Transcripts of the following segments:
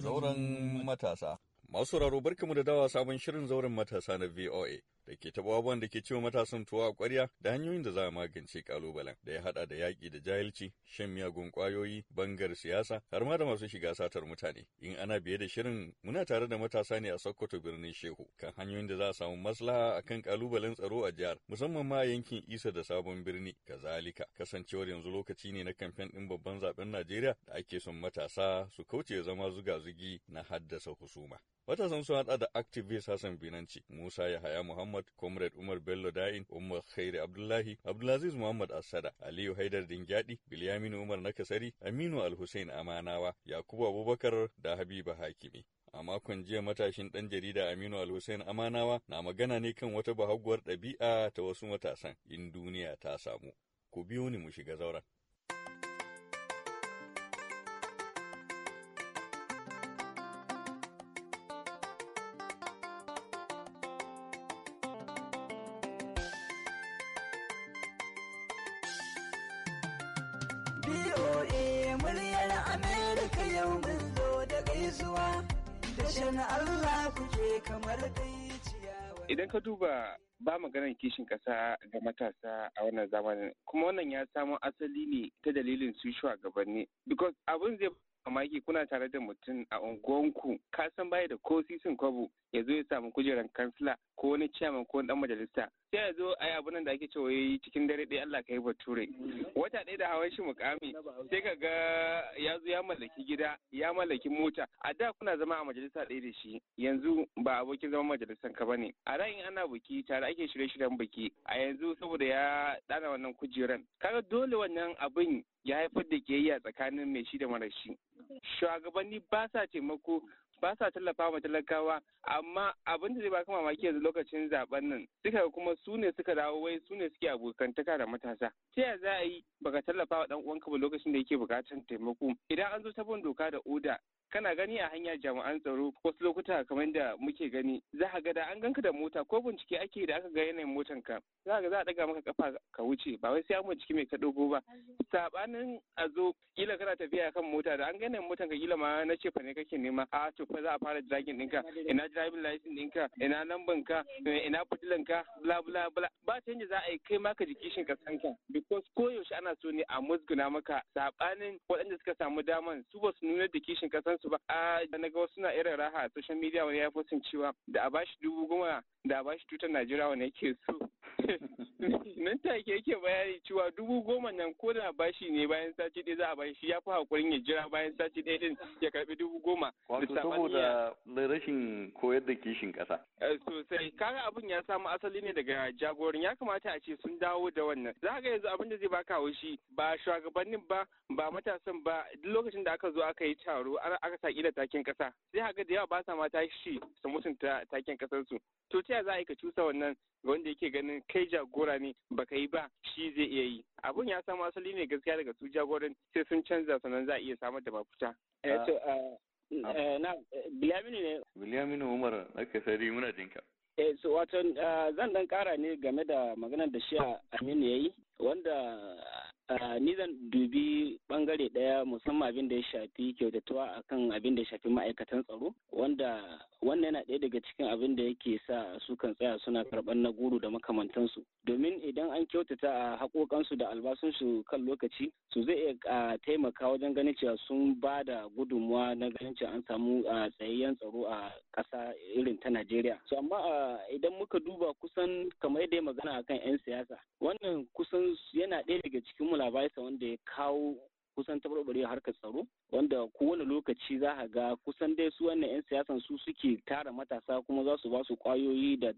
zauren matasa Masu sauraro barkamu da dawa sabon shirin zauren matasa na VOA da ke taɓa abubuwan da ke cewa matasan tuwa a ƙwarya da hanyoyin da za a magance ƙalubalen da ya haɗa da yaƙi da jahilci, shan miyagun ƙwayoyi, bangar siyasa har ma da masu shiga satar mutane. In ana biye da shirin muna tare da matasa ne a Sokoto birnin Shehu kan hanyoyin da za a samu maslaha akan ƙalubalen tsaro a jihar musamman ma a yankin Isa da Sabon Birni. Kazalika kasancewar yanzu lokaci ne na kamfen ɗin babban zaben Najeriya da ake son matasa su kauce zama zuga-zugi na haddasa husuma. Matasan sun haɗa da activist Hassan Binanci, Musa Yahaya Muhammad, Comrade Umar Bello Da'in, Umar Khairi Abdullahi, Abdulaziz Muhammad Assada, Aliyu Haidar Dingyadi, Bilyaminu Umar Nakasari, Aminu Alhussein Amanawa, Yakubu Abubakar da Habiba Hakimi. A makon jiya matashin ɗan jarida Aminu Alhussein Amanawa na magana ne kan wata bahaguwar ɗabi'a ta wasu matasan in duniya ta samu. Ku biyo ni mu shiga zauren. BOA muryar Amerika yau mun zo da gaisuwa da shan Allah je kamar dai ciyawa. Idan ka duba ba maganar kishin ƙasa ga matasa a wannan zamanin kuma wannan ya samo asali ne ta dalilin su shugabanni because abin zai mamaki kuna tare da mutum a unguwanku ka san baya da ko sisin kwabo ya zo ya samu kujerar kansila ko wani ciyaman ko dan majalisa sai ya zo a yi abunan da ake cewa yi cikin dare ɗaya Allah ka yi bature wata ɗaya da hawan shi mukami sai ka ga ya zo ya mallaki gida ya mallaki mota a da kuna zama a majalisa ɗaya da shi yanzu ba abokin zaman majalisan ka bane a da in ana buki tare ake shirye-shiryen buki a yanzu saboda ya ɗana wannan kujeran kaga dole wannan abin ya haifar da kiyayya tsakanin mai shi da mara shi shugabanni ba sa taimako ba sa tallafa ma talakawa amma abin da zai ba baka mamaki yanzu lokacin zaben nan suka kuma su ne suka dawo wai su ne suke abokantaka da matasa ta ya za a yi baka tallafa wa dan uwanka ba lokacin da yake bukatan taimako idan an zo ta sabon doka da oda kana gani a hanya jami'an tsaro wasu lokuta kamar da muke gani za ka ga da an ganka da mota ko bincike ake da aka ga yanayin motan ka za ka za a daga maka kafa ka wuce ba wai sai an bincike mai ka dogo ba sabanin a zo kila kana tafiya kan mota da an ga yanayin motan ka kila ma na ce fa ne kake nema a to fa za a fara dragin ɗinka ina driving license ɗinka ina lamban ka ina fitilan ka bla bla bla ba ta yanda za a yi kai ma ka jiki shin ka san ka because koyaushe ana so ne a musguna maka sabanin waɗanda suka samu daman su ba su nuna da kishin san su ba a na ga wasu na irin raha a social media wani ya fosin cewa da a bashi dubu goma da a bashi tutar najeriya wani yake so nan take yake bayani cewa dubu goma nan ko da bashi ne bayan sati ɗaya za a bashi ya fi haƙurin ya jira bayan sati ɗaya ɗin ya karɓi dubu goma. Wato saboda rashin koyar da kishin ƙasa. Eh, sosai kaga abin ya samu asali ne daga jagorin ya kamata a ce sun dawo da wannan. Za ga yanzu abin da zai baka haushi ba shugabannin ba ba matasan ba duk lokacin da aka zo aka yi taro aka sa da takin ƙasa sai haka da yawa ba sa ma tashi su mutunta takin ƙasarsu. To ta za a yi ka cusa wannan ga wanda yake ganin kai kai jagora ne baka yi ba shi zai iya yi abun ya samu asali ne gaskiya daga su jagoran sai sun canza sannan za a iya samar da mafita na umar sari muna jinka eh ah, zan dan kara ne game da maganar da shi aminu ya yi wanda ah, ni zan dubi bangare daya musamman abin da ya shafi kyautatawa akan abin da ya shafi ma'aikatan tsaro wanda wannan yana ɗaya daga cikin abin da yake sa su kan tsaya suna karɓar na guru da makamantansu domin idan an kyautata a haƙoƙansu da albasunsu kan lokaci su zai iya taimaka wajen ganin cewa sun ba da gudunmuwa na ganin cewa an samu tsayayyen tsaro a ƙasa irin ta Najeriya. So amma idan muka duba kusan kamar yadda ya magana akan 'yan siyasa wannan kusan yana ɗaya daga cikin mulabaisa wanda ya kawo kusan taɓarɓare harkar tsaro wanda kowane lokaci za a ga kusan dai su wannan 'yan siyasan su suke tara matasa kuma za su ba su kwayoyi da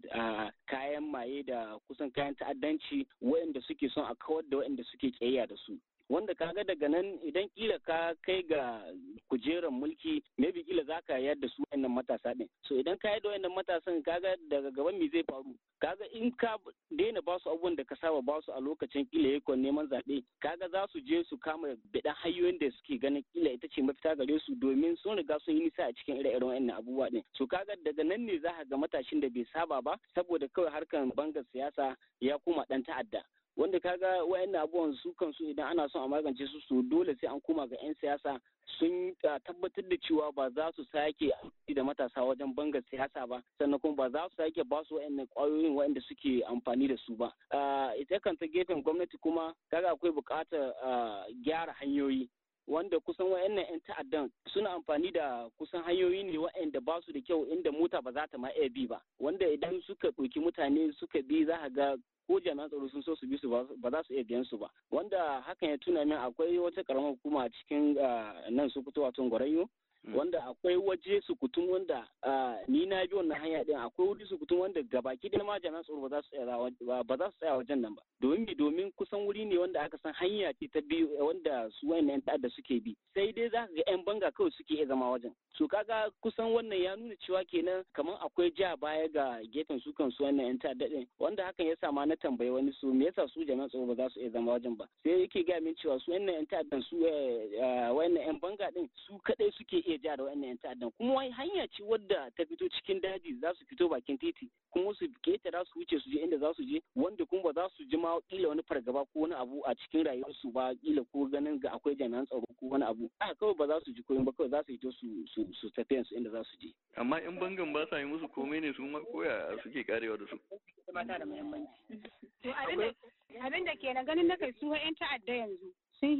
kayan maye da kusan kayan ta'addanci waɗanda suke son a kawar da waɗanda suke ƙiyayya da su wanda kaga daga nan idan kila ka kai ga kujeran mulki maybe kila za ka yadda su wayannan matasa din so idan ka yadda wayannan matasan kaga daga gaban me zai faru kaga in ka daina ba su abubuwan da ka saba ba su a lokacin kila yakon neman zaɓe kaga za su je su kama biɗan hanyoyin da suke ganin kila ita ce mafita gare su domin sun riga sun yi nisa a cikin ire-iren wayannan abubuwa din so kaga daga nan ne za ka ga matashin da bai saba ba saboda kawai harkan bangar siyasa ya koma ɗan ta'adda wanda kaga wayannan abubuwan su kansu idan ana son a magance su su dole sai an koma ga 'yan siyasa sun tabbatar da cewa ba za su sake da matasa wajen banga siyasa ba sannan kuma ba za su sake ba su na kwayoyin da suke amfani da su ba ita kanta gefen gwamnati kuma kaga akwai buƙatar gyara hanyoyi wanda kusan wayannan 'yan ta'addan suna amfani da kusan hanyoyi ne wayanda ba su da kyau inda mota ba za ta ma bi ba wanda idan suka ɗauki mutane suka bi za ka ga ko jami'an tsaro sun so su bi su ba za su iya biyan su ba wanda hakan ya tuna min akwai wata karamar hukuma cikin ah, nan su fito wato gwarayyo Mm. wanda akwai waje su sukutun wanda ni na bi wannan hanya din akwai wuri sukutun wanda baki da ma jami'an tsoro ba za su tsaya wajen nan ba domin domin kusan wuri ne wanda aka san hanya ce ta biyu eh, wanda su wayannan ta'adda suke bi sai dai za ka ga yan banga kawai suke iya zama wajen su kaga kusan wannan ya nuna cewa kenan kamar akwai ja baya ga gefen su kan su wannan yan ta'adda din wanda hakan ya ma na tambayi wani su me yasa su jami'an tsoro ba za su iya zama wajen ba sai yake ga min cewa su wannan yan ta'addan su eh, eh, wayannan yan banga din su kadai suke iya iya ja da wa'annan 'yan ta'addan kuma wai hanya ce wadda ta fito cikin daji za su fito bakin titi kuma su za su wuce su je inda za su je wanda kuma ba za su ji ma kila wani fargaba ko wani abu a cikin rayuwarsu ba kila ko ganin ga akwai jami'an tsaro ko wani abu a kawai ba za su ji koyon ba kawai za su fito su su tafi su inda za su je amma in bangan ba sa yi musu komai ne su ma koya suke karewa da su abin da ke na ganin na kai su 'yan ta'adda yanzu sun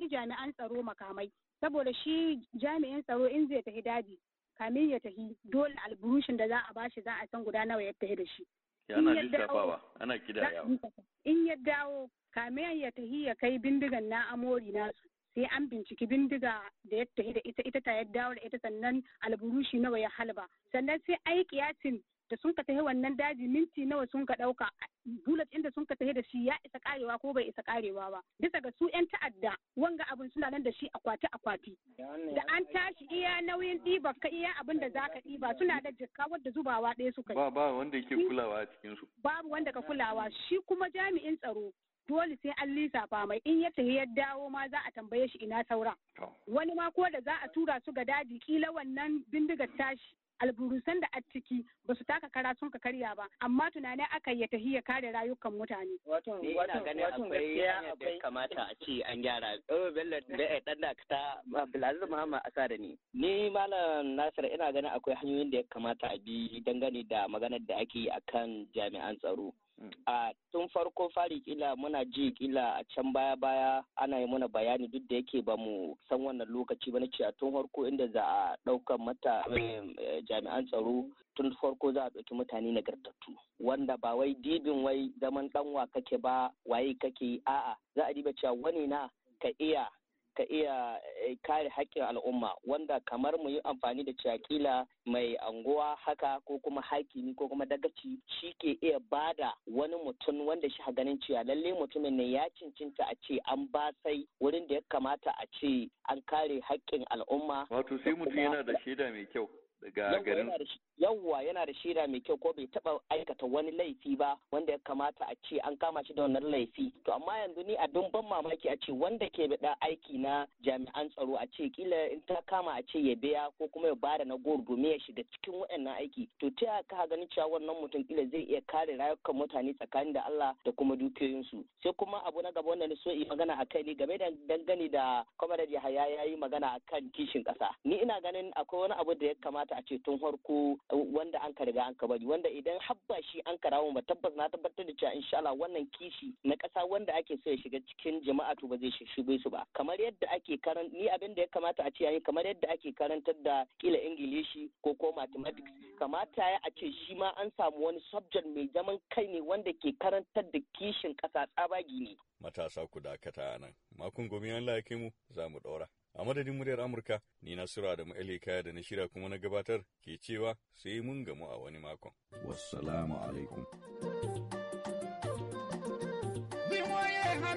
yi jami'an tsaro makamai saboda shi jami'in tsaro in zai tafi daji kamin ya tafi dole alburushin da za a bashi za a san guda nawa ya tafi da shi ana lissafawa ana kidayawa in ya dawo kamin ya tafi ya kai bindigan na amori nasu sai an binciki bindiga da ya tafi da ita ita ta ya dawo da ita sannan alburushi nawa ya halba sannan sai ai kiyasin da sun ka tafi wannan daji minti nawa sun ka ɗauka bullet inda sun ka tafi da shi ya isa karewa ko bai isa karewa ba bisa ga su yan ta'adda wanga abin suna nan da shi akwati akwati da an tashi iya nauyin ɗiba ka iya abin da zaka ɗiba suna da jikka wadda zubawa ɗaya suka ba ba wanda yake kulawa babu wanda ka kulawa shi kuma jami'in tsaro dole sai an lissafa mai in ya tafi ya dawo ma za a tambaye shi ina saura. Wani ma ko da za a tura su ga daji kila wannan bindigar tashi alburusan da a ciki ba su taka kara sun ka karya ba amma tunanin aka ya tafi kare rayukan mutane. Wato ina ganin akwai hanyar da kamata a ce an gyara. Oh Bello da dan da ta Abdulaziz Muhammad da ni. Ni Malam Nasir ina ganin akwai hanyoyin da ya kamata a bi dangane da maganar da ake yi akan jami'an tsaro. Mm. a tun farko fari kila muna ji kila a can baya baya ana yi mana bayani duk da yake ba mu san wannan lokaci ba na ce a tun farko inda za a ɗaukan mata jami'an tsaro tun farko za a ɗauki mutane na nagartattu wanda ba wai dibin wai zaman ɗanwa kake ba waye kake a'a za a diba cewa wani na ka iya ta iya eh, kare haƙƙin al'umma wanda kamar mu yi amfani da cakila mai anguwa haka ko kuma hakini ko kuma dagaci shi ke iya bada wani mutum wanda shi ganin cewa lalle mutumin ne ya cincinta a ce an ba sai wurin da ya kamata a ce an kare haƙƙin al'umma. Wato sai mutum yana da shaida mai kyau. ga garin yawwa yana da shira mai kyau ko bai taba aikata wani laifi ba wanda ya kamata a ce an kama shi da wannan laifi to amma yanzu ni abin ban mamaki a ce wanda ke bada aiki na jami'an tsaro a ce kila in ta kama a ce ya biya ko kuma ya bada na gor domin ya shiga cikin waɗannan aiki to ta yaya ka ganin cewa wannan mutum kila zai iya kare rayukan mutane tsakanin da Allah da kuma dukiyoyinsu sai kuma abu na gaba wanda ni so yi magana akai ne game da dangane da Comrade Yahaya yayi magana akan kishin kasa ni ina ganin akwai wani abu da ya kamata kamata a ce tun farko wanda an ka riga an ka bari wanda idan habba shi an ka rawo tabbas na tabbatar da cewa insha Allah wannan kishi na kasa wanda ake so ya shiga cikin jama'a to ba zai shigo su ba kamar yadda ake karan ni abin da ya kamata a ce yayi kamar yadda ake karantar da kila ingilishi ko ko mathematics kamata ya a ce shi ma an samu wani subject mai zaman kai ne wanda ke karantar da kishin ƙasa tsabagi ne matasa ku dakata nan makon gobe Allah ya mu za mu ɗora A madadin muryar Amurka, ni na Sura da Kaya da na shirya kuma na gabatar ke cewa sai mun gamu a wani makon. Wassalamu alaikum.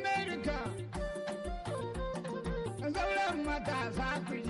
America, zauren matasa ku